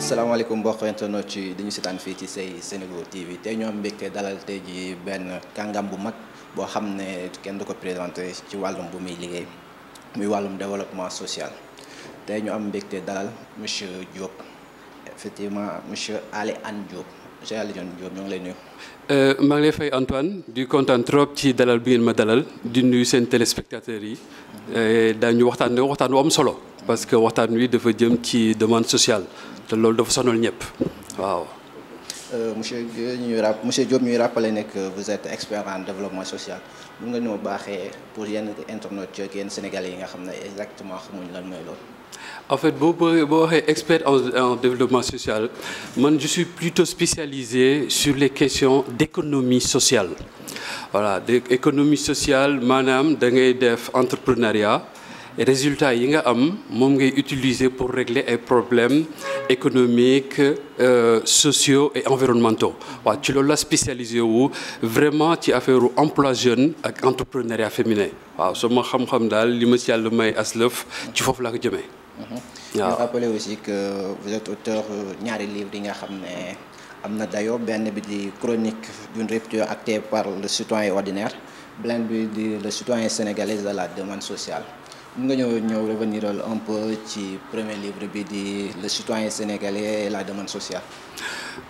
salaamaaleykum mbokk internet ci dañu seetaan fii ci say Senego TV tey ñoo am mbégte dalal tey ji benn kàngam bu mag boo xam ne kenn du ko présenté ci wàllum bu muy liggéey muy wàllum développement social tey ñu am mbégte dalal monsieur Diop effectivement monsieur Aly Ane Diop monsieur Aly Ane Diop ñoo ngi lay nuyu. Euh, maa ngi lay fay Antoine di kontaan trop ci dalal bi ngeen ma dalal di nuyu seen téléspectateurs yi euh, daañu waxtaan waxtaan wu am solo parce que waxtaan wi dafa jëm ci demande sociale. te loolu dafa sonal ñëpp waaw. Euh, monsieur ñuy rap monsieur Diop ñuy rappelé ne que vous êtes expert en développement social mun nga ñoo baaxee pour yenn internautes yeeg yenn sénégalais yi nga xam ne exactement xamuñ lan mooy loolu. en fait boo boo waxee expert en développement social man je suis plutôt spécialisé sur les questions d'économie sociale voilà de économie sociale maanaam dangay ngay def entrepreneuriat. résultat yi nga am moom ngay utiliser pour régler ay problèmes économiques euh, sociaux et environnementaux waaw ci loolu la spécialisé wu vraiment ci affaire emploi jeune ak entrepreneuriat féminin waaw sama xam-xam daal li ma ci yàlla may aslëf ci foofu laa ko jëmee. Mhm. waaw rappelé aussi que vous êtes auteur euh, ñaari livres yi nga xam ne am na dayo benn bi di chronique d'une rupture actée par le citoyen ordinaire beneen bi di le citoyen sénégalais de la demande sociale. mu nga ñëw ñëw revenir un peu ci premier livre bi di le citoyen sénégalais et la demande sociale.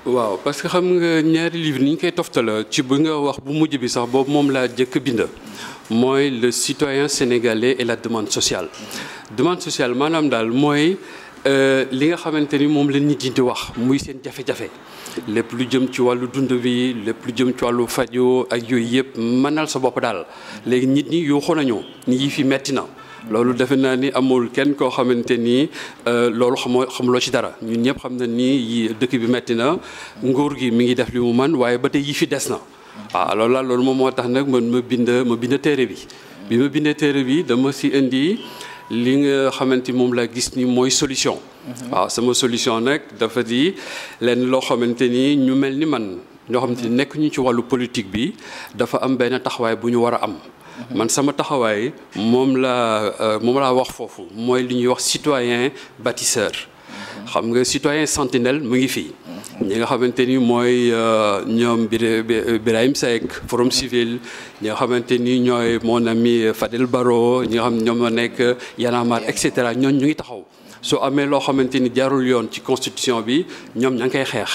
waaw parce que xam nga ñaari livre ni ñu koy toftala ci bi nga wax bu mujj bi sax boobu moom laa jëkk bind. mooy le citoyen sénégalais et la demande sociale. demande sociale maanaam daal mooy. Euh, li nga xamante ni moom leen nit ñi di wax muy seen jafe-jafe lépp lu jëm ci wàllu dund bi lépp lu jëm ci wàllu fajoo ak yooyu yëpp mënal sa bopp daal léegi nit ñi yoo xoo nañu loolu defe naa ni amul kenn koo xamante ni euh, loolu xamoo xamuloo ci dara ñun ñëpp xam na nii dëkk bi metti na nguur gi mi ngi def li mu man waaye ba tey yi fi des na waaw ah, loolu la loolu moom moo tax nag man ma bind ma bind téere bi bi ma bindee téere bi dama si indi li nga xamante moom laa gis ni mooy solution waaw mhm. ah, sama solution nag dafa di lenn loo xamante ni ñu mel ni man ñoo xamante ni nekk ñu ci wàllu politique bi dafa am benn taxawaay bu ñu war a am man sama taxawaay moom laa euh, moom laa wax foofu mooy lu ñuy wax citoyen bâtisseur xam nga citoyen sentinelle mu ngi fii ñi nga xamante ni mooy euh, ñoom Birahim Seck Forum Civil ñi nga xamante ni ñooy mon ami Fadel Baro ñi nga xam ñoom a nekk Y'en a marre et cetera ñoon ñu ngi taxaw soo amee loo xamante ni jarul yoon ci constitution bi ñoom ña ngi koy xeex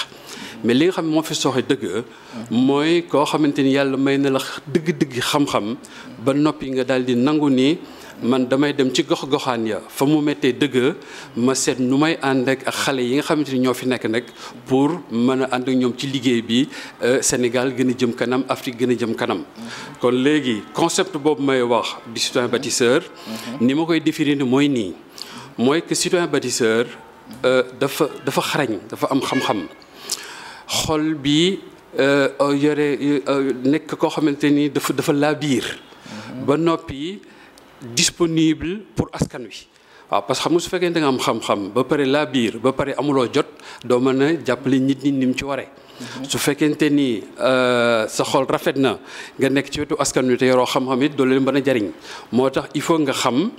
mais li nga xam moo fi soxee dëgg. mooy koo xamante ni yàlla may na la dëgg-dëgg xam-xam ba noppi nga daal di nangu nii man damay dem ci gox goxaan ya fa mu méttee dëgg ma seet nu may ànd ak xale yi nga xamante ni ñoo fi nekk nag pour mën a ànd ak ñoom ci liggéey bi euh, Sénégal gën a jëm kanam Afrique gën a jëm kanam. kon léegi concept boobu may wax du citoyen bâtisseur. ni ma koy définir mooy nii mooy que citoyen bâtisseur euh, dafa dafa xarañ dafa am xam xol bi euh, euh, yore euh, nekk koo xamante ni dafa dafa laabiir ba noppi disponible pour askan wi waaw parce que xam nga su fekkee da nga am xam-xam ba pare laabiir ba pare amuloo jot doo mën a jàppale nit ñi ni mu ci waree. su fekkente ni euh, sa xol rafet na nga nekk ci wetu askan wi te yoroo xam-xam it doo leen mën a jariñ moo tax il faut nga xam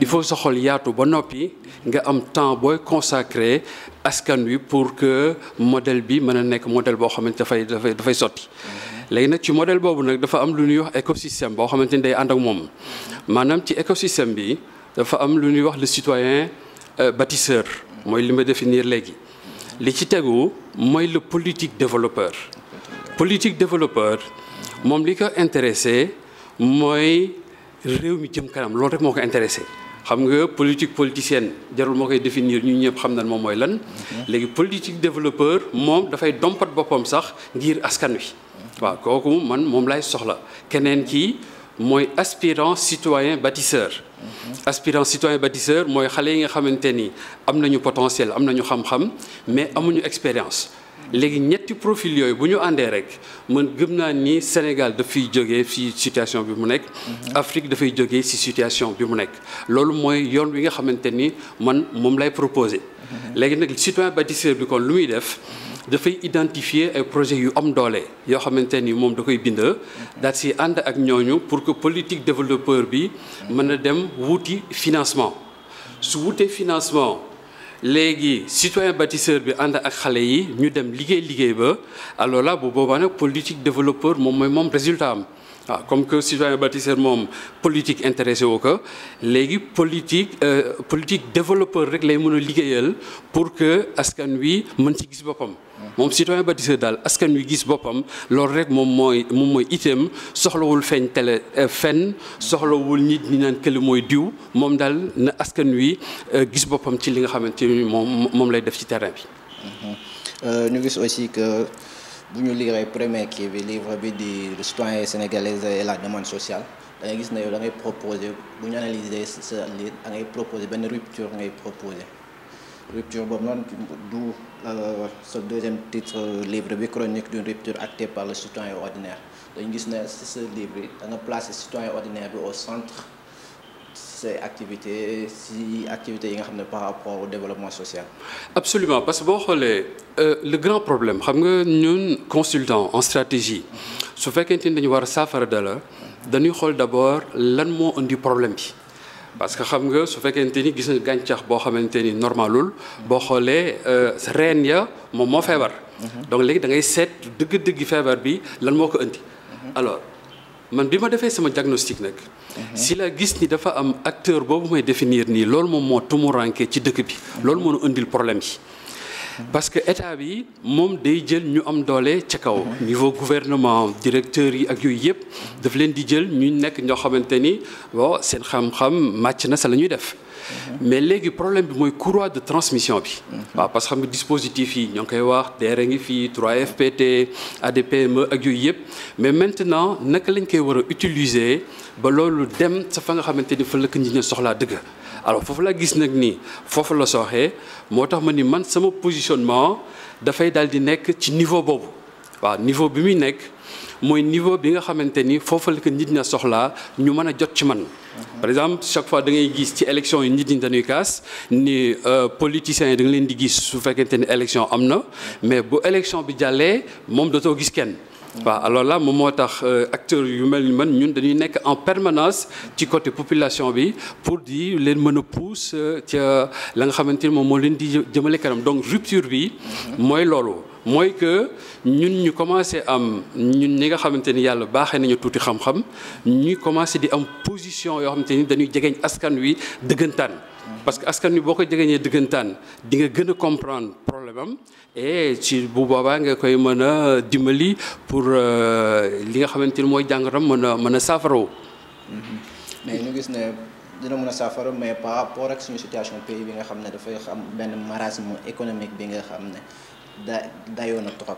il faut sa xol yaatu ba noppi nga am temps booy consacré askan wi pour que modèle bi mën a nekk modèle boo xamante dafay dafay dafay sotti. léegi nag ci modèle boobu nag dafa am lu ñuy wax écosystème boo xamante ni day ànd ak moom maanaam ci écosystème bi dafa am lu ñuy wax le citoyen euh, bâtisseur mooy li ma définir léegi. li ci tegu mooy le politique développeur politique développeur moom li ko intéressé mooy réew mi jëm kanam loolu rek moo ko intéressé xam nga politique politicienne jarul moo koy définir ñu ñëpp xam nañ moom mooy lan léegi politique développeur moom dafay dompat boppam sax ngir askan wi waaw kooku man moom lay soxla keneen ki mooy aspirant citoyen bâtisseur aspirant citoyen bâtisseur mooy xale yi nga xamante ni am nañu potentiel am nañu xam-xam mais amuñu expérience léegi ñetti profil yooyu bu ñu àndee rek mën gëm naa ni Sénégal dafay jóge ci situation bi mu nekk. Afrique dafay jóge ci situation bi mu nekk. loolu mooy yoon wi nga xamante ni man moom lay proposé. léegi nag citoyen bâtisseur bi kon lu muy def. dafay identifier ay projets yu am doole yoo xamante ni moom da koy bind daal si ànd ak ñooñu pour que politique développeur bi mën a dem wuti financement su wutee financement léegi citoyen bâtisseur bi ànd ak xale yi ñu dem liggéey liggéey ba alors là bu boobaa nag politique développeur moom mooy moom résultat am ah, comme que citoyen bâtisseur moom politique intéressé wu ko léegi politique euh, politique développeur rek lay mën a liggéeyal pour que askan wi mën ci gis boppam moom citoyen bâtisseur daal askan wi gis boppam loolu rek moom mooy moom mooy itam soxlawul feeñ télé euh, fenn soxlawul nit ñi naan këli mooy diw moom daal na askan wi euh, gis boppam ci li nga xamante ni moom moom lay def ci terrain bi. Mhm. Euh, ñu gis aussi que bu ñu lire premier kii bi livre bi di le citoyen sénégalais et la demande sociale da gis na yow da ngay proposer bu ñu analyser sa livre da ngay proposer benn rupture ngay proposer. rupture boobu noonu du euh, sa deuxième titre euh, livre bi chronique d'une rupture actée par le gis ne si ce yi da nga placer citoyen ordinaire bi au centre ces activités si activités yi xam ne par rapport au développement social. absolument parce que boo xoolee euh, le grand problème xam nga ñun consultant en stratégie su fekkente ni dañu war a saafara dala dañuy xool d'abord lan moo indi problème bi. parce que xam nga su fekkente ni gis nga gàncax boo xamante ni normalul boo xoolee euh, reen ya moom moo feebar. Mhm. donc léegi da ngay seet dëgg-dëgg feebar bi lan moo ko indi. Mhm. alors man bi ma defee sama diagnostic nag. Mhm. si la gis ni dafa am acteur boobu may définir nii loolu moom moo tumuranke ci dëkk bi. loolu mënu nu indil problème yi. parce que état bi moom day jël ñu am doole ci kaw. niveau gouvernement directeur yi ak yooyu yëpp daf leen di jël ñu nekk ñoo xamante ni bon seen xam-xam màcc na sa la ñuy def. mais léegi problème bi mooy courroie de transmission bi. waaw parce que xam nga dispositif yi ñoo ngi koy wax DER ngi fii trois fpt ADPME ak yooyu yëpp mais maintenant naka lañ koy war a utiliser ba loolu dem sa fa nga xamante ni fa la ko soxlaa dëgg. alors foofu laa gis nag nii foofu la sooxee moo tax ma ni man sama positionnement dafay daal di nekk ci niveau boobu waaw niveau bi muy nekk mooy niveau bi nga xamante ni foofu la ko nit ña soxlaa ñu mën a jot ci man. par exemple chaque fois da ngay gis ci élection yi nit ñi dañuy kaas ni euh, politiciens yi da nga leen di gis su fekkente ni élection am na mais bu élection bi jàllee moom da soo gis kenn. waaw alors là moom moo tax euh, acteur yu mel ni man ñun dañuy nekk en permanence ci côté population bi pour di leen mën a pousse euh, ca la nga xamante ni moom moo leen di jëmale kanam donc rupture bi mooy loolu mooy que ñun ñu commencé am ñun ñi nga xamante ni yàlla baaxe nañu tuuti xam-xam ñuy commencé di am position yoo xamante ni dañuy jegeñ askan wi dëggantaan parce que askan wi boo ko jegeñee dëggantaan di nga gën comprendre problème am et ci boobaa nga koy mën a dimbali pour euh, li nga xamante ni mooy jàngatam mën a mën a saafarawu mm-hmm. mais ñu gis ne dina mën a saafara mais par rapport ak suñu situation pays bi nga xam ne dafay xam benn marasme économique bi nga xam ne da dayoo na trop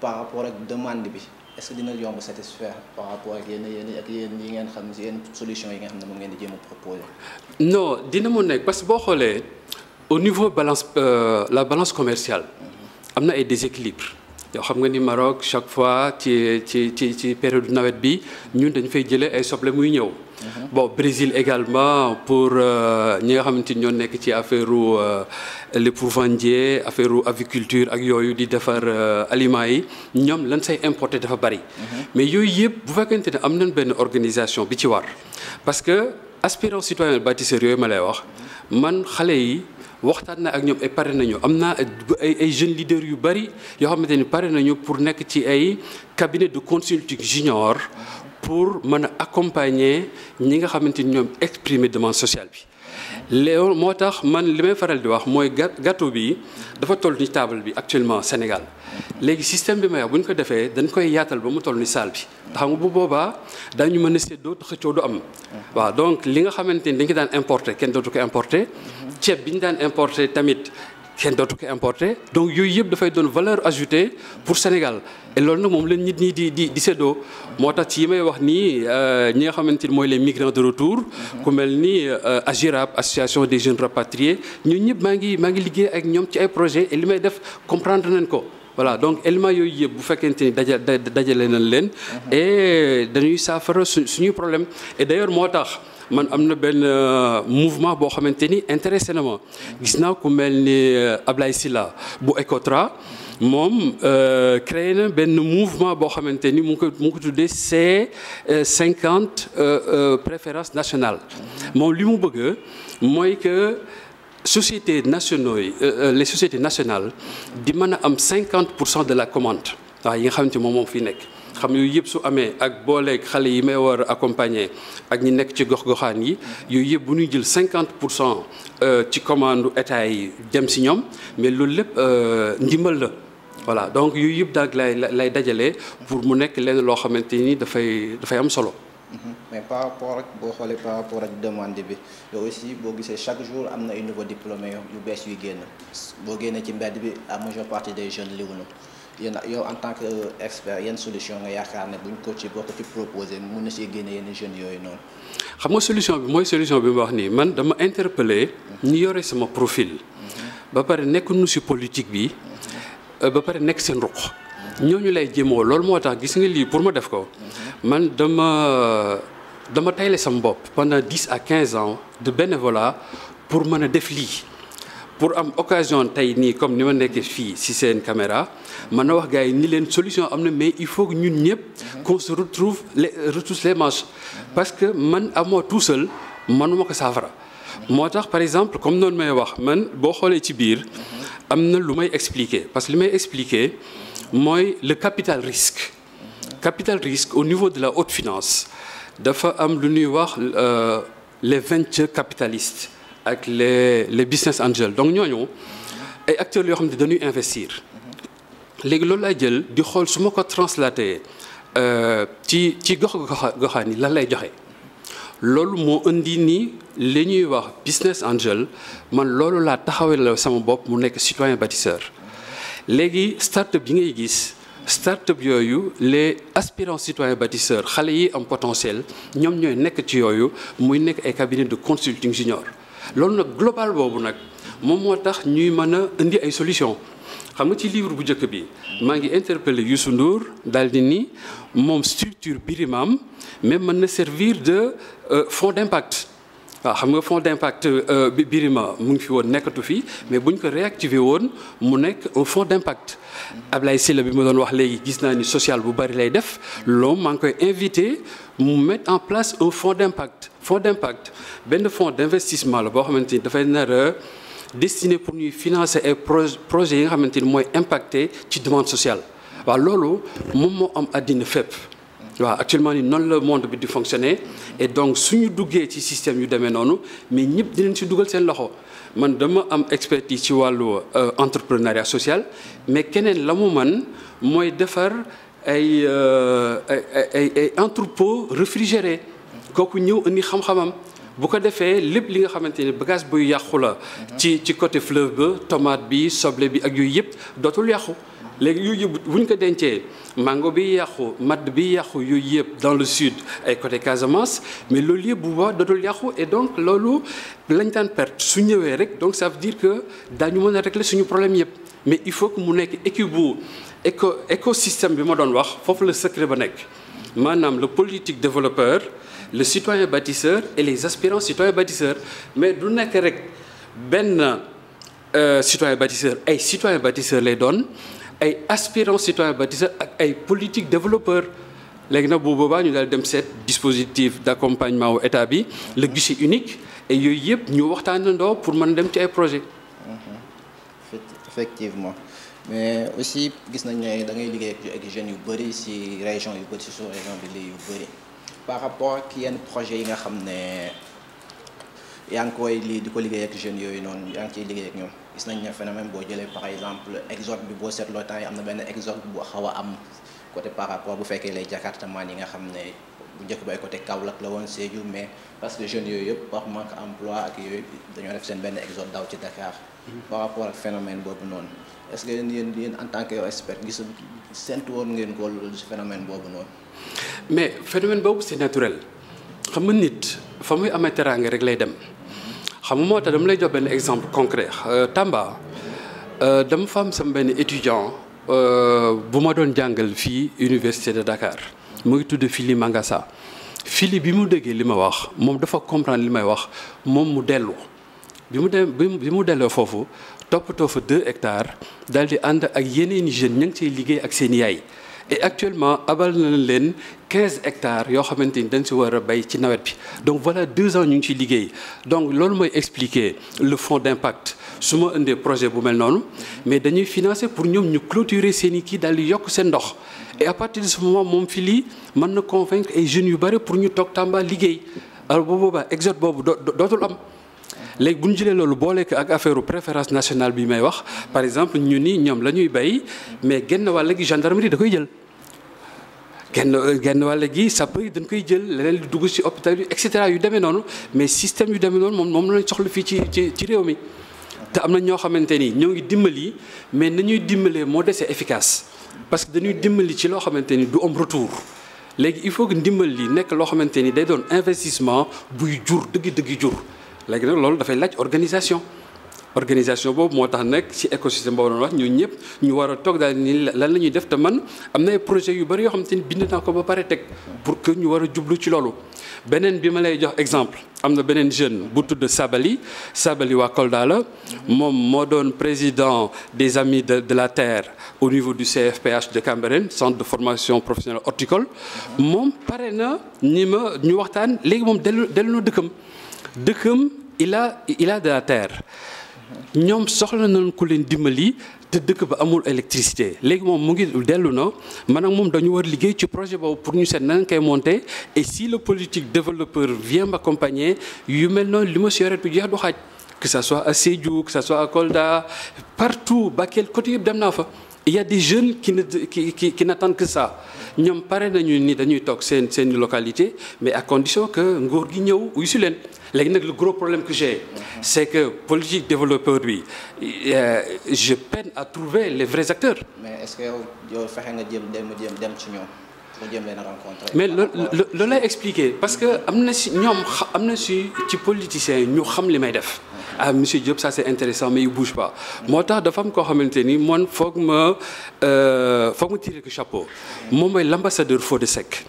par rapport ak demande bi est ce que dina yomb satisfaire par rapport ak yenn yenn yi ngeen xam si yenn solution yi nga xam ne moom ngeen di jéem a proposer. non dina mu nekk parce boo xoolee. au niveau balance euh, la balance commerciale am na ay déséquilibres yoo xam nga ni Maroc chaque fois ci ci ci ci période nawet bi ñun dañ fay jëlee ay soble muy ñëw. Mhm. bo Brésil également pour euh, ñi nga xamante ni ñoo nekk ci affaire euh, l'épouvandier affaire aviculture ak yooyu di defar euh, aliments yi ñoom lan say importé dafa bari. Mhm. mais yooyu yëpp bu fekkente ne am nañ benn organisation bi ci war parce que aspirant citoyen bâtisseur yooyu ma lay wax man xale yi. waxtaan na ak ñoom ay pare nañu am na ay ay jeunes leaders yu bëri yoo xamante ni pare nañu pour nekk ci ay cabinet de consulting junior pour mën a accompagner ñi nga xamante ni ñoom exprimer demande sociale bi. léew moo tax man li may faral di wax mooy gâteau bi dafa toll ni table bi actuellement Sénégal léegi système bi may wax bu ñu ko defee dañ koy yaatal ba mu toll ni salle bi xam nga bu boobaa dañu mën a séddoo xëccoo du am. waaw donc li nga xamante ni dañ ko daan importer kenn dootu ko importer. ceeb bi ñu daan importer tamit kenn dootu ko importé donc yooyu yëpp dafay doon valeur ajoutée pour Sénégal et loolu nag moom leen nit ñi di di di moo tax ci yi may wax nii euh, ñi nga xamante ni mooy les migrants de retour ku mel ni euh, AGIRAP association des jeunes rapatriés ñun ñëpp maa ngi maa ngi liggéey ak ñoom ci ay projet et li def comprendre nañ ko voilà donc élément yooyu yëpp bu fekkente ni daja dajale nañ leen mhm. et dañuy saafara su suñuy problème et d'ailleurs moo tax man am na benn euh, mouvement boo xamante ni intéressé na ma gis naa ku mel ni euh, Ablaye Sylla bu Ecotra moom euh, créé na benn mouvement boo xamante ni mu ngi ko mu ngi ko tuddee c'est cinquante préférence nationale moom li mu bëgg mooy que société nationaux yi les sociétés nationales di mën a am cinquante pour cent de la commande waaw yi nga xamante moom moom fi nekk xam yooyu yëpp su amee ak booleeg xale yi may war a accompagner ak ñi nekk ci gox-goxaan yi yooyu yëpp bu ñuy jël cinquante pour cent euh, ci commande état yi dem si ñoom mais loolu lépp euh, ndimbal la. voilà donc yooyu yëpp daal lay lay dajale pour mu nekk lenn loo xamante nii dafay dafay am solo. Mm-hmm. mais par rapport ak boo xoolee par rapport ak demande bi yow aussi boo gisee chaque jour am na ay nouveaux diplômés yu bees yuy génn boo génnee ci mbedd bi à majeure partie des jeunes liwu na yéen yow en tant que euh, expert yenn solution nga yaakaar ne buñ ko ci boo ko ci proposé mun na si génne yenn jeunes yooyu noonu. xam nga solution bi mooy solution bi ma wax nii man dama interpellé. Mhm. ñu yore sama profil. Mhm. ba pare nekk nu si politique bi. Mhm. Euh, ba pare nekk seen ruq. ñooñu lay jëmoo loolu moo tax gis nga lii pour ma def ko. man dama dama tayle sama bopp. pendant dix à quinze ans de bénévolat pour mën a def lii. pour am occasion tey nii comme ni ma nekkee fii ci seen caméra mën na wax gars yi ni leen solution am na mais il faut que ñun ñëpp qu'on se retrouve les retrousse parce que man à moi tout seul mënuma ko saafara moo tax par exemple comme noonu may wax man boo xoolee ci biir am na lu may expliquer parce que li may expliquer mooy le capital risque capital risque au niveau de la haute finance dafa am lu ñuy wax euh, les venture capitalistes ak les les business angels donc ñooñu ay acteurs yoo xam ne dañuy investir léegi loolu laay jël di xool su ma ko translaté euh, ci ci gox goxaan yi lan lay joxe loolu moo indi nii li ñuy wax business angel man loolu laa taxawee la sama bopp mu nekk citoyen bâtisseur léegi start-up yi ngay gis start yooyu les aspirants citoyens bâtisseurs xale yi am potentiel ñoom ñooy nekk ci yooyu muy nekk ay cabinet de consulting junior loolu nag global boobu nag moom moo tax ñuy mën a indi ay solution xam nga ci livre bu njëkk bi maa ngi interpellé Youssou Ndour daal di ni moom structure Birimam mais mën na servir de euh, fonds d'impact waa xam nga fonds d'impact euh, bi Birima mu fi woon nekkatu fi mais bu ko réactiver woon mu nekk un fonds d'impact Ablaye Sylla bi ma doon wax léegi gis naa ni sociale bu bari lay def loolu maa ngi koy invité mu mettre en place un fonds d'impact fonds d'impact benn fonds d'investissement la boo xamante ni dafay nara a destiné pour ñuy financer ay projets yi nga xamante ni mooy impacté ci demande sociale waa loolu moom moo am àddina fépp waaw actuellement ni noonu la monde bi di fonctionner et donc suñu duggee ci système yu demee noonu mais ñëpp dinañ si dugal seen loxo man dama am expertise ci wàllu euh, entrepreneuriat sociale mais keneen la mu man mooy defar ay euh, ay ay entrepôt réfrigéré kooku ñëw indi xam-xamam bu ko defee lépp li nga xamante ni bagage buy yàqu la ci ci côté fleuve ba tomate bi soble bi ak yooyu yëpp dootul yàqu léegi yu yëpp bu ñu ko dencee mango bi yàqu madd bi yàqu yooyu yëpp dans le sud ay côté Casamance mais loolu yëpp bu boobaa dootul yàqu et donc loolu lañ daan perte su ñëwee rek donc ça veut que daañu mën a régler suñu problème yëpp mais il faut que mu nekk équipe bu éco écosystème bi ma doon wax foofu la secret ba nekk maanaam le politique développeur le citoyen bâtisseur et les aspirants citoyens bâtisseurs mais du nekk rek benn euh, citoyen bâtisseur ay citoyen bâtisseur lay doon ay aspirants citoyen bâtisseur ak ay politique développeur léegi nag bu boobaa ñu daal dem set dispositif d'accompagnement wu état bi le guichet unique et yooyu yëpp ñu waxtaan waxtaanandoo pour man dem ci ay projet mm-hmm. effectivement mais aussi gis nañ ne da ngay liggéey ak jeunes yu bëri si région yu bëri si sous région bi yu bëri par rapport ak yenn projet yi nga xam ne yaa ngi koy lii di ko liggéey ak jeunes yooyu noonu yaa ngi ciy liggéey ak ñoom gis nañ ne phénomène boo jëlee par exemple exode bi boo seetloo temps yi am na benn exode bu xaw a am côté par rapport bu fekkee lay jakartement yi nga xam ne bu njëkk bay côté Kaolack la woon Sédhiou mais parce que jeunes yooyu yëpp par manque emploi ak yooyu dañoo def seen benn exode daw ci dakaar par rapport ak phénomène boobu noonu est-ce que yéen yéen yéen en tant que yow expert gis sentu woon ngeen ko loolu si phénomène boobu noonu. mais phénomène boobu c'est naturel xam nga nit fa muy amee teraange rek lay dem xam nga moo tax dama lay jox benn exemple concret euh, Tamba euh, dama fa am sama benn étudiant euh, bu ma doon jàngal fii université de Dakar mu ngi tudd Fili Mangasa Fili bi mu déggee li ma wax moom dafa comprendre li may wax moom mu dellu. bi mu dem bi mu delloo foofu toppatoo fa deux hectares daal di ànd ak yeneen i jeunes ñu ngi ciy liggéey ak seen yaay et actuellement abal na leen quinze hectares yoo xamante ni dañ si war a béy ci nawet bi donc voilà deux ans ñu ngi ciy liggéey donc loolu mooy expliquer le fonds d'impact su ma indee projet bu mel noonu mais dañuy financer pour ñoom ñu clôturer seeni kii daal di yokk seen ndox et à partir de ce moment moom fii lii mën na convaincre ay jeunes yu bëri pour ñu toog Tamba liggéey alors bu boobaa exode boobu dootul am. léegi bu ñu jëlee loolu boole ko ak affaire préférence nationale bi may wax par exemple ñu ni ñoom la ñuy bay mais genn wàll gi gendarmerie da koy jël. genn genn wàll gi sapeur dañ koy jël leneen lu dugg ci hôpital yi et cetera yu demee noonu mais système yu deme noonu moom moom lañ soxla fii ci ci ci réew mi. te am na ñoo xamante ni ñoo ngi dimbali mais nañuy dimbalee moo desee efficace parce que dañuy dimbali ci loo xamante ni du am retour léegi il faut que ndimbal nekk loo xamante ni day doon investissement buy jur dëgg-dëgg jur. léegi nag loolu dafay laaj organisation organisation boobu moo tax nag ci écosystème boobu doon wax ñun ñëpp ñu war a toog daal lan la ñuy def te man am na projet yu bari yoo xam te ni bind naa ko ba pare teg pour que ñu war a jublu ci loolu. beneen bi ma lay jox exemple am na beneen jeune bu tudd Sabali Sabali waa Kolda la moom moo doon président des amis de de la terre au niveau du CFPH de Cambérène centre de formation professionnelle horticole moom pare na ni ma ñu waxtaan léegi moom dellu dellu na dëkkam. dëkkam il a il a de la terre ñoom soxla nañ ku leen dimbali te dëkk ba amul électricité léegi moom mu ngi dellu na maanaam moom dañu war liggéey ci projet boobu pour ñu seet nan koy monter et si le politique développeur vient m'accompagner yu mel noonu li ma si yore du jeex du xaaj que sa soit à Sédhiou que sa soit à Kolda partout Bakel côté yëpp dem naa fa. il y a des jeunes qui ne qui qui qui n'attendent que ça ñoom pare nañu ni dañuy toog seen seen localité mais à condition que nguur gi ñëw uy si leen léegi nag le gros problème que j'ai c'est que politique développeur bi euh, je peine à trouver les vrais acteurs. mais est-ce que yow yow fexe nga jéem dem dem ñoom pour jéem leen rencontrer. mais loo loo lay parce que am na si ñoom am na si ci politiciens ñu xam li may def. ah monsieur Diop ça c'est intéressant mais il bouge pas moo tax dafa am koo xamante ni man foog ma euh, foog ma tiré ko chapeau moom mooy l'ambassadeur Fodé Seck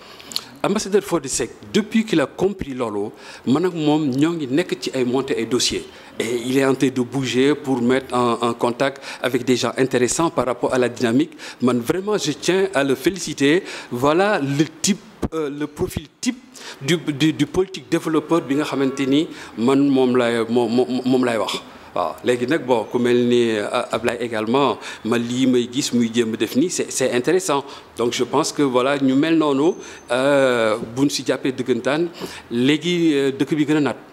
ambassadeur Fodé sec depuis qu'il a compris loolu man ak moom ñoo ngi nekk ci ay monté ay dossiers et il est en de bouger pour mettre en, en contact avec des gens intéressants par rapport à la dynamique man vraiment je tiens à le féliciter voilà le type euh, le profil type du du, du politique développeur bi nga xamante ni man moom lay moom moom lay wax. waaw léegi nag bon ku mel ni euh, Ablaye également ma lii may gis muy jéem def nii c'est c'est intéressant donc je pense que voilà ñu mel noonu euh, buñ si jàppee dëggantaan léegi dëkk bi gën a naat.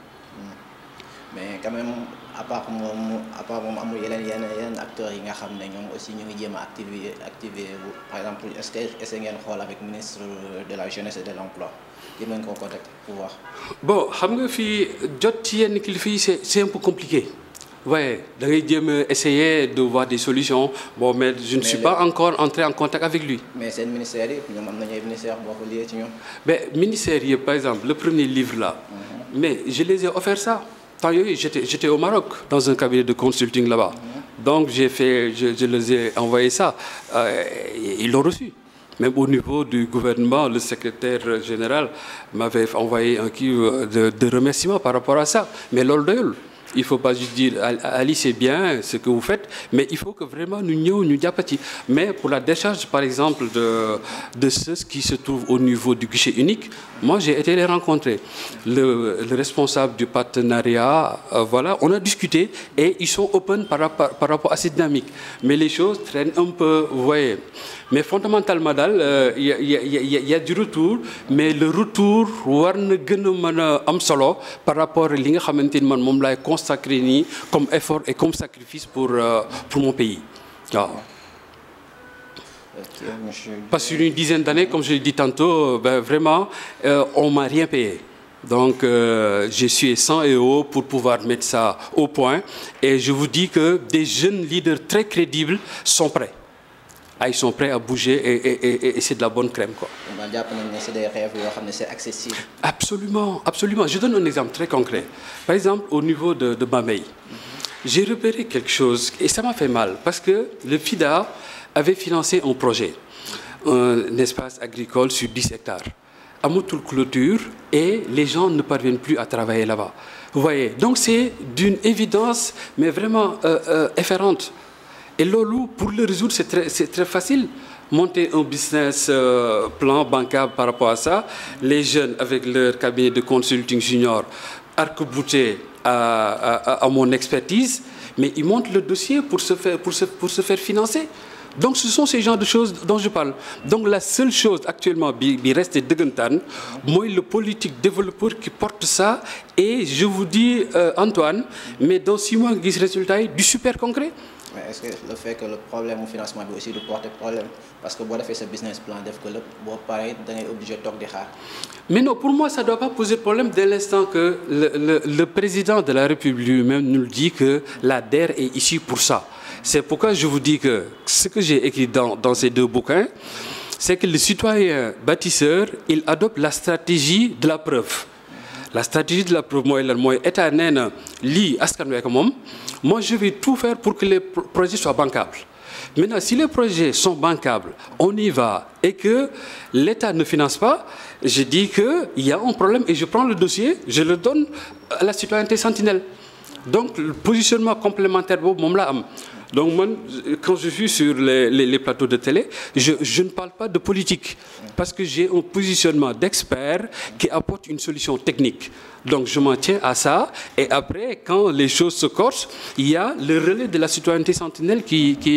quand même moom à part moom amul yeneen yeneen yeneen yi nga xam ne ñoom aussi ñu ngi jéem a activer par exemple est-ce que ngeen xool avec ministre de la jeunesse et de l'emploi jéem nañ koo contacter pour voir. bon xam nga fii jot ci yenn kilifa yi c'est c'est un peu compliqué. waaye da ngay jéem a essayer de voir des solutions bon mais je ne mais suis pas encore entré en contact avec lui. mais seen ministère yi ñoom am nañu ay ministère boo ko lié ci ñoom. mais ministère yi par exemple le premier livre là. Mm-hmm. mais je les offert ça. Tant j'étais au Maroc, dans un cabinet de consulting là-bas. Donc, j'ai fait, je, je, les ai envoyé ça. Euh, ils l'ont reçu. Même au niveau du gouvernement, le secrétaire général m'avait envoyé un kit de, de remerciements par rapport à ça. Mais l'Oldeul, il faut pas juste dire Ali c'est bien ce que vous faites mais il faut que vraiment ñu ñëw ñu jàpp ci mais pour la décharge par exemple de de ceux qui se trouvent au niveau du guichet unique moi j'ai été rencontrer le, le responsable du partenariat euh, voilà on a discuté et ils sont open par, par, par rapport à cette mais les choses traînent un peu vous mais fondamentalement daal euh, y a a y a du mais le retour war na gën a mën a am solo par rapport li nga xamante ni man moom laay consacré nii comme effort et comme sacrifice pour euh, pour mon pays waaw. Ah. que sur une dizaine d'années comme je l'ai dit tantôt euh, vraiment euh, on m'a rien payé donc euh, j'ai pour pouvoir mettre ça au point et je vous dis que des jeunes leaders très crédibles sont prêts ah ils sont prêts à bouger et et et, et c'est de la bonne crème quoi. waaw jàpp nañu ne c'est des rêves absolument je donne un exemple très concret par exemple au niveau de de Bambey. j'ai repéré quelque chose et ça m'a fait mal parce que le FIDA avait financé un projet un espace agricole sur 10 hectares amatul clôture et les gens ne parviennent plus à travailler là-bas vous voyez donc c'est d'une évidence mais vraiment euh, euh efférente et loolu pour le résoudre c'est très c'est très facile monter un business euh, plan bancable par rapport à ça les jeunes avec leur cabinet de consulting junior arc-bouté à, à, à mon expertise mais ils montent le dossier pour se faire pour pour se financer donc ce sont ces genres de choses dont je parle donc la seule chose actuellement bi bi reste dëggantaan mooy le politique développeur qui porte ça et je vous dis euh, Antoine mais dans six mois gis résultat yi du super concret mais est-ce que le fait que le problème mu financement bi aussi du porter problème parce que boo defee sa business plan def ko lépp boo paree da ngay obligé toog di xaar. mais non pour moi ça doit pas poser problème dès l'instant que le le le président de la République lui-même nous dit que la DER est ici pour ça. c'est pourquoi je vous dis que ce que j'ai écrit dans dans ces deux bouquins c'est que le citoyen bâtisseur il adopte la stratégie de la preuve. la stratégie de la preuve mooy lan mooy état nee na lii askan wi ko moom moi je vais tout faire pour que les projets soient bancables maintenant si les projets sont bancables on y va et que l'état ne finance pas je dis que il y a un problème et je prends le dossier je le donne à la citoyenneté sentinelle donc le positionnement complémentaire boobu moom laa am donc man quand je suis sur les, les les plateaux de télé je je ne parle pas de politique parce que j'ai un positionnement d'expert qui apporte une solution technique donc je m'en tiens à ça et après quand les choses se corsent il y a le relais de la citoyenneté sentinelle qui qui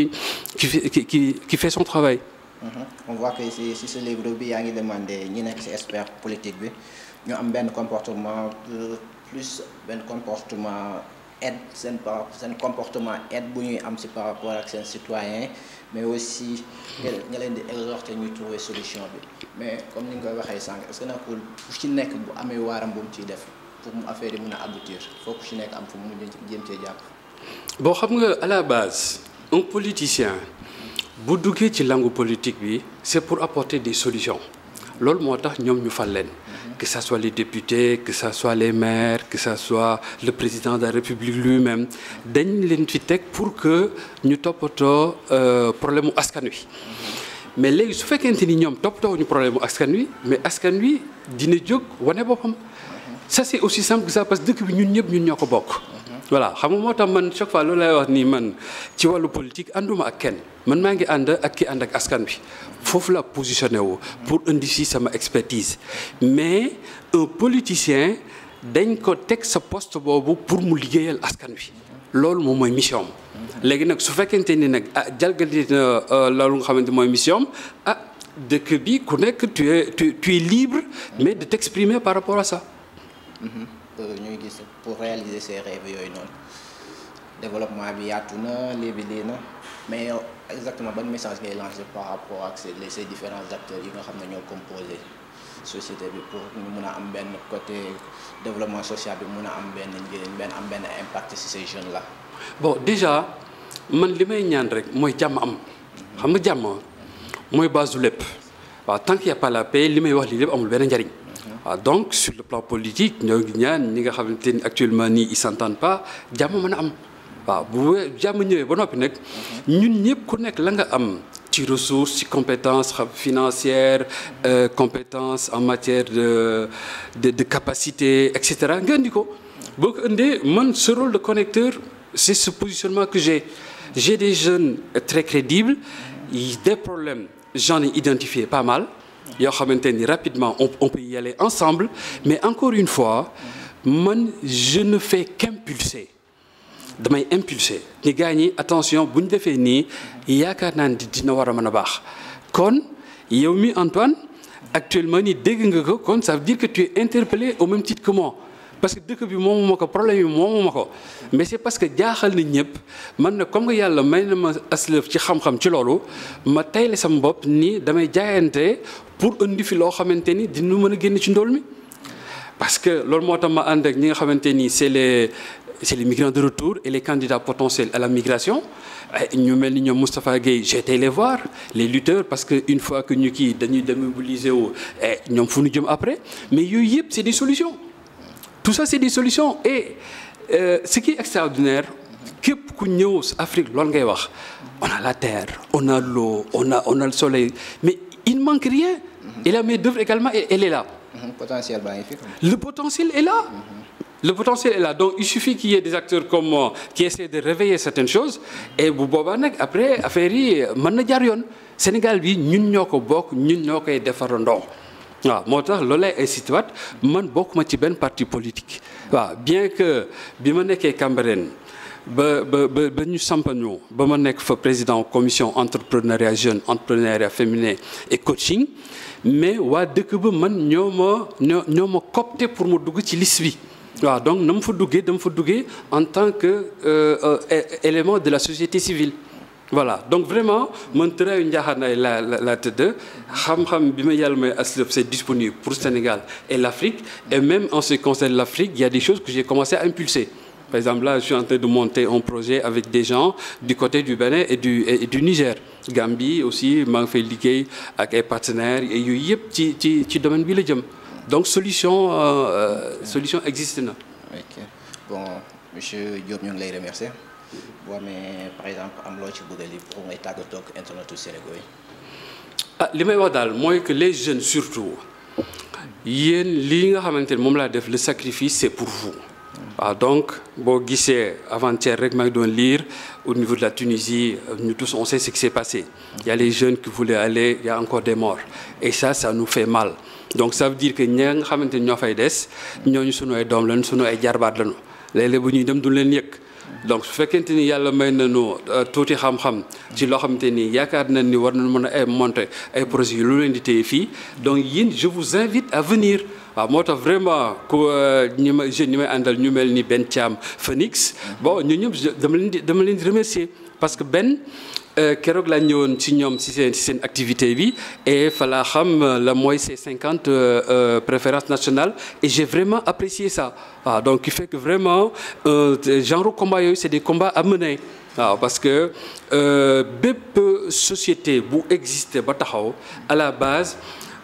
qui qui qui, qui fait son travail. Mm -hmm. on voit que si si ce livre bi yaa ngi demandé ñi nekk ci expert politique bi ñu am benn comportement euh, plus benn comportement. aide seen par seen comportement aide bu ñuy am si par rapport ak seen citoyen mais aussi nga leen di exhorter ñuy trouver solution bi mais comme ni nga koy waxee sànq est-ce que nekkul ku ci nekk bu amee waaram bu mu ciy def pour mu affaire mun a aboutir foo ku ci nekk am fu mu jéem cee jàpp boo xam nga à la base un politicien bu duggee ci langu politique bi c'est pour apporter des solutions loolu moo tax ñoom ñu fal leen que sa soit les députés que sa soit les maires que sa soit le président de la république lui-même dañ leen fi teg pour que ñu toppatoo euh, problème mu askan wi mais léegi su fekkente ni ñoom toppatoo ñu problème mu askan wi mais askan wi dina jóg wane boppam ça c'est aussi simple que ça parce dëkk bi ñun ñëpp ñun ñoo ko bokk voilà xam nga moo tax man chaque fois loolu lay wax nii man ci wàllu politique ànduma ak kenn man maa ngi ànd ak ki ànd ak askan bi foofu la positionné wu pour indi si sama expertise mais un politicien dañ ko teg sa post boobu pour mu liggéeyal askan wi loolu moom mooy mission léegi nag su fekkente ni nag ah jalgati na euh, loolu nga xamante mooy mission ah dëkk bi ku nekk tu es tu es libre mais de t'exprimer par rapport a ça. Mm-hmm. Euh, ñuy gis. pour réaliser ses rêves yooyu noonu développement bi yaatu na léegi lii na mais yow exactement ban message ngay lancer par rapport ak ces ces différents acteurs yi nga xam ne ñoo composé société bi pour mun a am benn côté développement social bi mun a am benn njëriñ benn am benn impact ci ces jeunes la bo déjà man li may ñaan rek mooy jàmm am xam nga jàmm mooy base du lépp waaw tant qu'il y a pas li may wax lii lépp amul benn njariñ waaw ah, donc sur le plan politique ñoo ngi ñaan ñi nga xamante ni actuellement nii ils s'entendent pas jàmm mën a am waaw bu jàmm ñëwee ba noppi nag ñun ñëpp ku nekk la nga am ci ressources ci compétences financières euh, compétences en matière de de, de capacité et cetera nga indi ko boo ko indee man ce rôle de connecteur c'est ce positionnement que j'ai j'ai des jeunes très crédibles des problèmes j'en ai identifié pas mal yoo xamante ni rapidement on, on peut y aller ensemble mais encore une fois man je ne fais qu'impulser damay impulser ni gars ñi attention bu ñu defee nii yaakaar naa ni dina war a mën a baax kon yow mi Antoine actuellement nii dégg nga ko kon ça veut dire que tu es interpellé au même titre que moi parce que dëkk bi moom ma ko problème yi moomu ma ko mais c'est parce que jaaxal na ñëpp man na comme nga yàlla may na ma aslëf ci xam-xam ci loolu ma tayle sama bopp ni damay pour indi fi loo xamante ni dina mën a génn ci ndool mi parce que loolu moo tax ma ànd ak ñi nga xamante ni c'est les les migrants de retour et les candidats potentiels à la migration ñu mel ni ñoom Moustapha Gueye j'étais les voir les lutteurs parce que une fois que ñu kii dañuy démobiliser wu ñoom fu ñu jëm après mais yooyu yëpp c'est des solutions tout ça c'est des solutions et euh, ce qui est extraordinaire képp ku ñëw Afrique loolu ngay wax on a la terre on a l'eau on a on a et la main-d'œuvre également elle est là. Mhm, potentiel baa ngi fi. le potentiel est là. Mhm. le donc il suffit qu'il y des acteurs comme euh, qui essaient de réveiller certaines choses et bu boobaa nag après affaire yi euh, mën na jaar yoon Sénégal bi ñun ñoo ko bokk ñun ñoo koy defarandoo waaw moo tax loolu lay incité man bokk ma ci benn parti politique waaw bien que bi ma nekkee Cambérène ba ba ba ñu sampañoo ba ma nekk fa président commission entrepreneuriat jeune entrepreneuriat féminin et coaching mais waa dëkk ba man ñoo ma ñoo ñoo ma coopté pour ma dugg ci liste bi waaw donc na ma fa duggee dama fa duggee en tant que euh, euh, élément de la société civile voilà donc vraiment man tëraayu njaaxaanaay la la la tëdd xam-xam bi ma yàlla may aslëf c'est disponible pour Sénégal et l'Afrique et même en ce qui concerne l'Afrique il y a des choses que j'ai commencé à impulser Par exemple, là, je suis en train de monter un projet avec des gens du côté du Bénin et du, et du Niger. Gambie aussi maa ngi fay liggéey ak ay partenaires yooyu yëpp ci ci ci domaine bi la jëm donc solution euh, euh solution existe na. ok bon monsieur Diop ñu ngi lay remercier boo amee par am loo ci bëgg a tàggatoo ak internet Sénégal yi. Ah, li may wax daal mooy que les jeunes surtout yéen lii nga xamante ne moom laa def le sacrifice c'est pour vous. waaw ah, donc boo gisee avant rek maa ngi doon liir au niveau de la Tunisie ñu tous on sait ce qui s'est passé il y jeunes qui voulaient aller il y encore des morts et ça ça nous fait mal donc ça veut dire que ñi nga xamante ni ñoo fay des ñooñu sunu ay doom lañu suñu ay jarbaat lañu léeg-léeg bu ñuy dem du leen yëg donc su fekkente ni yàlla may nañu euh, tuuti xam-xam ci loo xamante ni yaakaar nañ ni war nañ mën a ay monte ay projets yi lu leen di téye fii donc yéen je vous invite waaw moo tax vraiment ku euh, ñi ma jeune ñi may àndal ñu mel ni Ben Thiam Phoenix bon ñu ñëpp dama leen di remercier parce que Ben euh, keroog la ñëwoon ci ñoom si seen ci seen activité bi et fa laa xam euh, la mooy ces cinquante préférences nationales et j'ai vraiment apprécié ça donc il fait que vraiment genre combat yooyu c'est des combats à mener waaw parce que bépp société bu exister ba taxaw à la base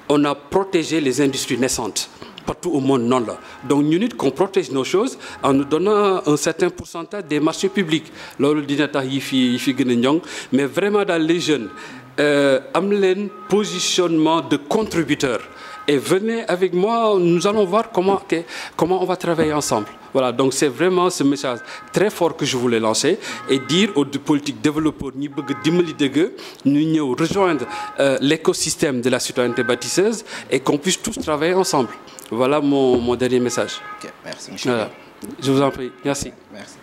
on a protégé les industries naissantes. Partout au monde, non la Donc, nous nit qu'on protège nos choses on nous donnant un certain pourcentage des marchés publics. Lors dina tax yi fi yi fi gën a ñong mais vraiment dans les jeunes Euh, am leen positionnement de contributeur et venez avec moi nous allons voir comment on va travailler ensemble voilà donc c'est vraiment ce message très fort que je voulais lancer et dire aux politiques développeurs ñi bëgg dimbali dëgg ñu ñëw rejoindre euh, l'écosystème de la citoyenneté bâtisseuse et qu'on puisse tous travailler ensemble voilà mon dernier message. ok merci monsieur. je vous en prie merci.